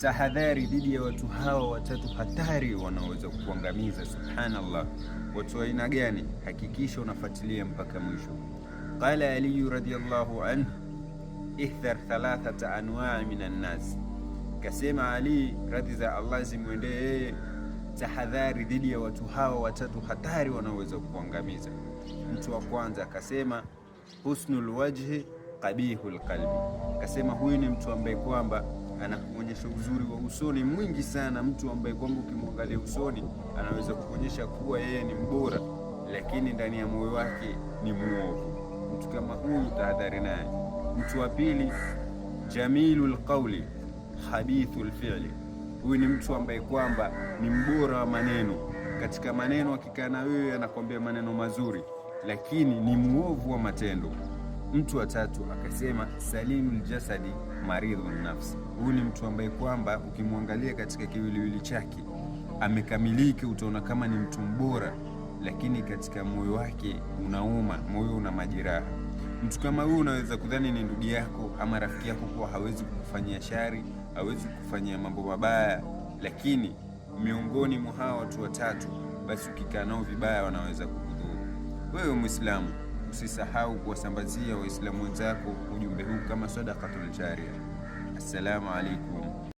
Tahadhari dhidi ya watu hawa watatu hatari wanaoweza kuangamiza. Subhanallah, watu aina gani? Hakikisha unafuatilia mpaka mwisho. Qala Ali radhiyallahu anhu, ihdhar thalathata anwaa min annas, kasema Ali radhi za Allah zimwendee yeye, tahadhari dhidi ya watu hawa watatu hatari wanaoweza kuangamiza. Mtu wa kwanza akasema husnul wajhi qabihul qalbi, kasema huyu ni mtu ambaye kwamba anakuonyesha uzuri wa usoni mwingi sana, mtu ambaye kwamba ukimwangalia usoni anaweza kuonyesha kuwa yeye ni mbora, lakini ndani ya moyo wake ni mwovu. Mtu kama huyu tahadhari naye. Mtu wa pili, jamilu lqauli habithu lfili Huyu ni mtu ambaye kwamba ni mbora wa maneno, katika maneno akikaa na wewe anakuambia maneno mazuri, lakini ni mwovu wa matendo. Mtu wa tatu akasema salim jasadi maridhu nafsi, huyu ni mtu ambaye kwamba ukimwangalia katika kiwiliwili chake amekamilika, utaona kama ni mtu mbora, lakini katika moyo wake unauma, moyo una majeraha. Mtu kama huyu unaweza kudhani ni ndugu yako ama rafiki yako, kuwa hawezi kukufanyia shari, hawezi kukufanyia mambo mabaya, lakini miongoni mwa hawa watu watatu, basi ukikaa nao vibaya, wanaweza kukudhuru wewe Mwislamu usisahau kuwasambazia Waislamu wenzako ujumbe huu kama sadaqatul jaria. Assalamu alaikum.